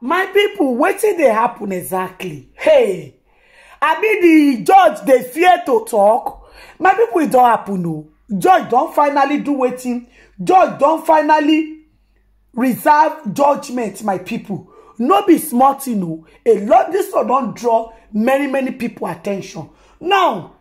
my people, wetin dey happen exactly hey i mean the judge dey fear to talk. my people, e don happen o oh. judge don finally do wetin judge don finally reserve judgment my people, no be small tin o oh. a lot This one don draw many many pipo attention now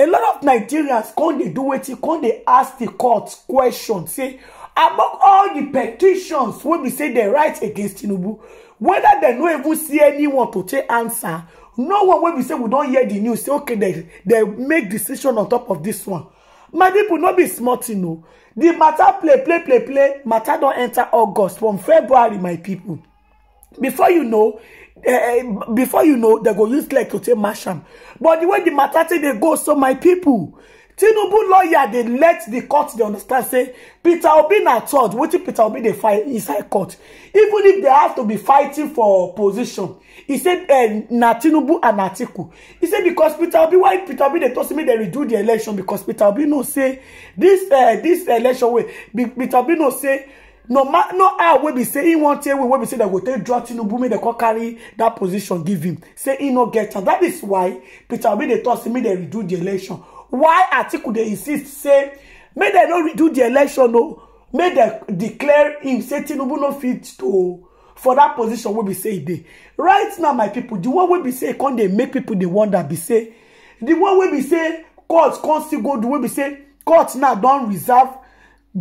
a lot of nigerians come dey do wetin come dey ask the court question say among all the petitions wey be say dem write against tinubu whether dem no even see anyone to take answer no one wey be say we don hear the news say okay dem dem make decision on top of this one my people no be small thing o the matter play play play play matter don enter august from february my people before you know uh, before you know dem go use leg to take mash am but the way the matter take dey go so my people tinubu lawyer they let the court they understand say peter obi na third which peter obi they fight inside court even if they have to be fighting for position e say eh, na tinubu and atiku He said because peter obi why peter obi they told me they redo the election because peter obi no say this uh this election way. peter obi no say no ma no I will be saying one thing. We will be saying that we take draw tinubu me they call carry that position give him say he no get chance dat is why peter obi they toss me they redo the election why atiku dey insist say make dem no redo di election o make dem declare him say tinubu no fit to for dat position wey be say e dey right now my pipo di one wey be say e con dey make pipo dey wonder be say di one wey be say court con still go do wey be say court now don reserve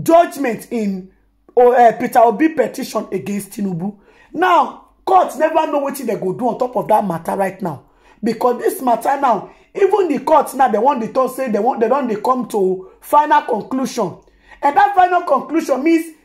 judgment in eh, peter obi petition against tinubu now court never know wetin dem go do on top of dat matter right now because dis matter now even the court now dem wan dey talk say they want, they don't. They come to final conclusion and that final conclusion means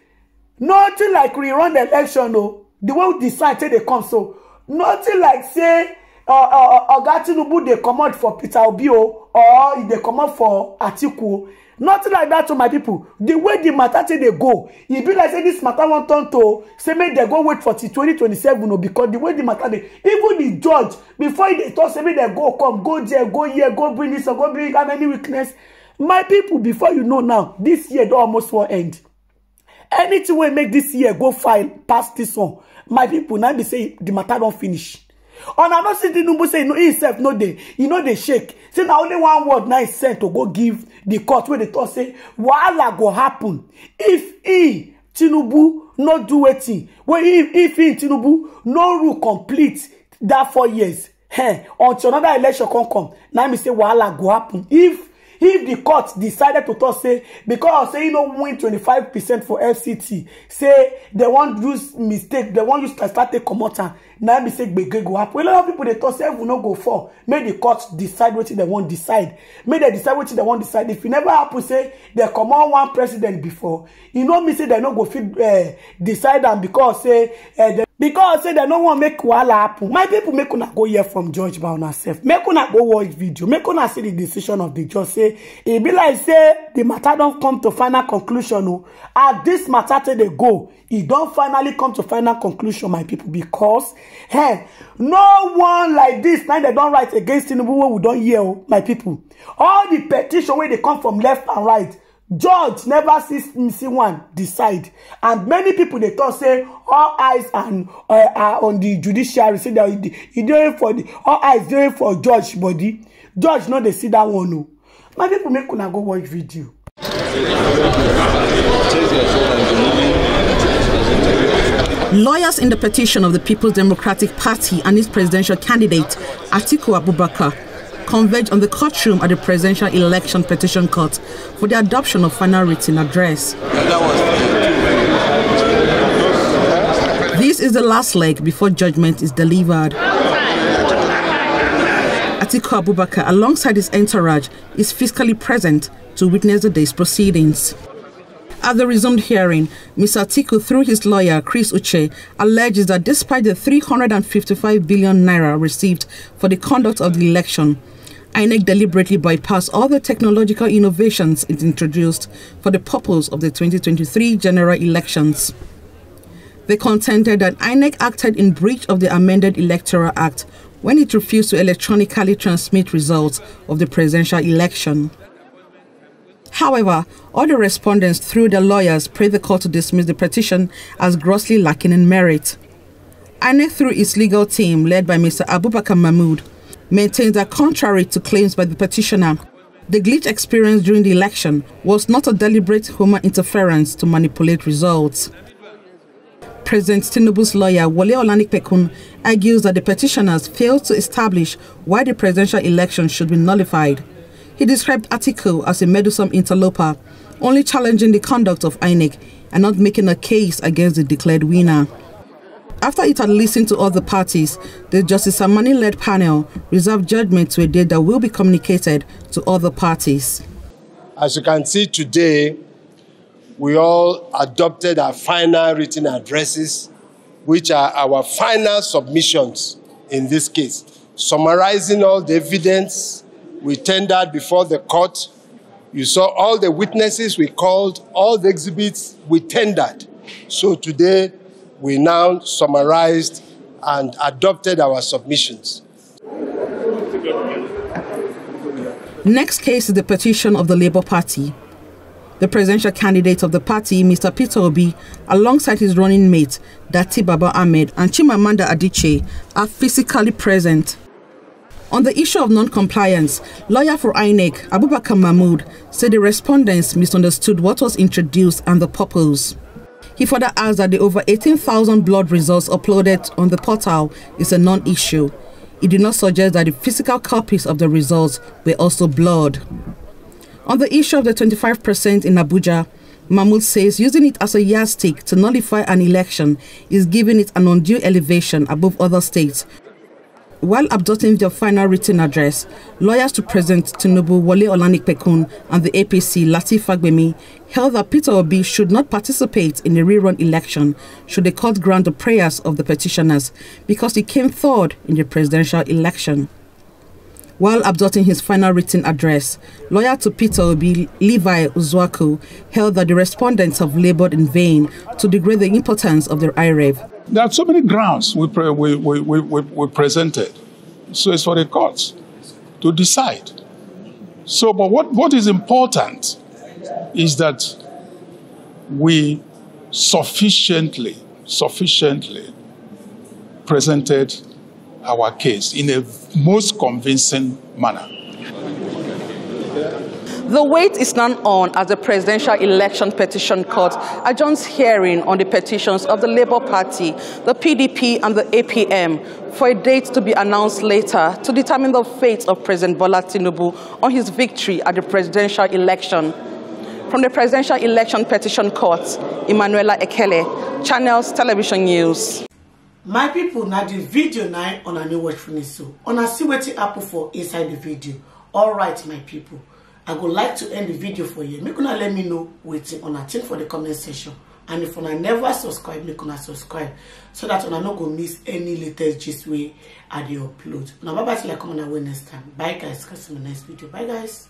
nothing like rerun the election o the way we decide till they come so nothing like say oga tinubu dey comot for peter obi o or e dey comot for atiku o nothing like that to oh, my people. The way the matter take dey go e be like say this matter wan turn to say make dem go wait for twenty twenty 2027 o because the way the matter dey even the judge before e dey talk say make dem go come go there go here go bring this or go bring that. many weakness my people. before you know now this year don almost wan end anything wey make this year go file pass this one my people. na be say the matter don finish and i no see tinubu say e himself no dey He no dey shake say na only one word na e send to go give the court wey dey tok say wahala go happen if he tinubu no do wetin if e tinubu no rule complete that four years eh? until another election come come na im say wahala go happen if if the court decided to talk say because say he no win twenty five percent for fct say they wan use mistake they wan use start take comot am Now, be say gbege go happen a lot of people they talk say will not go for. May the court decide what they want decide May they decide what they want decide if it never happen say dem comot one president before You e know me say they not go fit uh, decide them because say uh, eh, dem because say they no want make wahala happen my people make una go hear from judge by herself. sef make una go watch video make una see the decision of the judge say e be like say the matter don't come to final conclusion Oh, at this matter they go it e don't finally come to final conclusion my people because Hey, no one like this. na they don't write against tinubu wey we don't hear oh, my people. all the petition where they come from left and right judge never sees, see one decide and many people they tok say all eyes and uh, are on the judiciary say all eyes doing for judge body judge not dey see dat one o oh. my people make go watch video Lawyers in the petition of the People's Democratic Party and its presidential candidate, Atiku Abubakar, converged on the courtroom at the Presidential Election Petition Court for the adoption of final written address. This is the last leg before judgment is delivered. Atiku Abubakar, alongside his entourage, is physically present to witness the day's proceedings. At the resumed hearing, Mr. Atiku, through his lawyer Chris Uche, alleges that despite the 355 billion naira received for the conduct of the election, INEC deliberately bypassed all the technological innovations it introduced for the purpose of the 2023 general elections. They contended that INEC acted in breach of the amended Electoral Act when it refused to electronically transmit results of the presidential election. However, other respondents through their lawyers prayed the court to dismiss the petition as grossly lacking in merit. INEC through its legal team led by Mr. Abubakar Mahmoud, maintains that contrary to claims by the petitioner, the glitch experienced during the election was not a deliberate human interference to manipulate results. President Tinubu's lawyer Wale Pekun, argues that the petitioners failed to establish why the presidential election should be nullified he described Atiku as a meddlesome interloper, only challenging the conduct of INEC and not making a case against the declared winner. After it had listened to other parties, the Justice Samani-led panel reserved judgment to a date that will be communicated to other parties. As you can see today, we all adopted our final written addresses, which are our final submissions in this case, summarizing all the evidence, we tendered before the court. You saw all the witnesses we called, all the exhibits we tendered. So today, we now summarized and adopted our submissions. Next case is the petition of the Labour Party. The presidential candidate of the party, Mr. Peter Obi, alongside his running mate, Dati Baba Ahmed and Chimamanda Adichie, are physically present. On the issue of non-compliance, lawyer for INEC, Abubakar Mahmood, said the respondents misunderstood what was introduced and the purpose. He further adds that the over 18,000 blood results uploaded on the portal is a non-issue. He did not suggest that the physical copies of the results were also blood. On the issue of the 25% in Abuja, Mahmoud says using it as a yardstick to nullify an election is giving it an undue elevation above other states while abducting their final written address, lawyers to President Tinubu Wale Olanikpekun and the APC Latif Fagbemi held that Peter Obi should not participate in a rerun election should the court grant the prayers of the petitioners because he came third in the presidential election. While abducting his final written address, lawyer to Peter Obi, Levi Uzwaku, held that the respondents have labored in vain to degrade the importance of their IREV There are so many grounds we, pre- we, we, we, we presented. So it's for the courts to decide. So, but what, what is important is that we sufficiently, sufficiently presented our case in a most convincing manner. The wait is now on as the Presidential Election Petition Court adjourns hearing on the petitions of the Labour Party, the PDP and the APM for a date to be announced later to determine the fate of President Bola Tinubu on his victory at the presidential election. From the Presidential Election Petition Court, Emanuela Ekele, Channels Television News. my people, now the video night on a new watch finish On a see you apple for inside the video alright my people. i would like to end the video for you. make una let me know Waiting on a think for the comment section and if una never subscribe make una subscribe so that una no go miss any latest gist way i the upload Now, bye bye till i come una way next time bye guys catch you in the next video bye guys